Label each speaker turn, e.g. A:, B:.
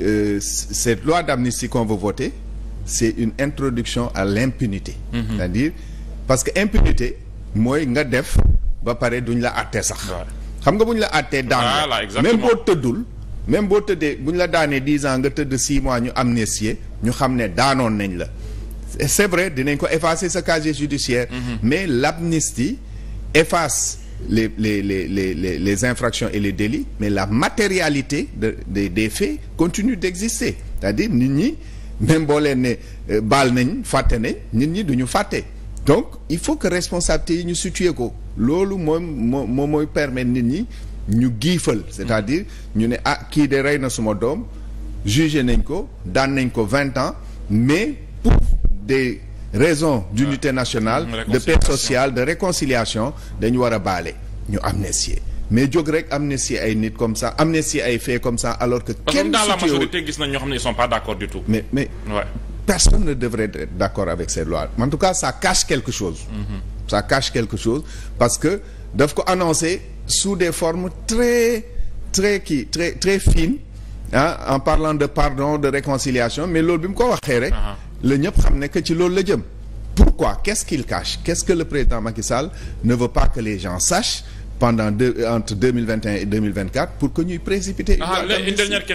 A: euh, cette loi d'amnistie qu'on veut voter c'est une introduction à l'impunité mm -hmm. parce que impunité mooy nga def ba pare duñ la àttee sax xam nga bu ñu la àttee daan même boo tëddul même boo tëddee buñ la daanee dix ans nga tëdd six mois ñu amnistier ñu xam ne daanoon nañ la c'est vrai dinañ ko effacer sa casier judiciaire mhm. mais l'amnistie efface les les les les les infractions et les délits mais la matérialité de, de des faits continue d'exister c'est-à-dire nit ñi même boo ne euh, baal nañ fàtte nañ nit ñi du ñu fàtte donc il faut que responsabilité yi ñu situer ko loolu moom moom mooy permettre nit ñi ñu giifal c'est-à-dire ñu ne ah kii de rey na suma doom jugé nañ ko daan nañ ko vingt ans mais pour des raison d'unité nationale de paix sociale de réconciliation dañu war a baale ñu amnistier mais jog rek amnistier ay nit comme ça amnistier ay faits comme ça alors que kenn dans la majorité gis nañ ñoo xam ne ils sont pas d'accord du tout mais mais ouais. personne ne devrait être d'accord avec ces lois en tout cas ça cache quelque chose mm-hmm. parce que daf ko annoncé sous des formes très très kii très très fines ah en parlant de pardon de réconciliation mais loolu bi mu ko waxee rek uh-huh. la ñëpp xam ne ci loolu la jëm pourquoi qu'est-ce qu'il cache qu'est-ce que le président Macky ne veut pas que les gens sachent pendant deux entre deux mille vingt un et deux mille vingt quatre pour que ñuy précipiter. Ah, une dernière question.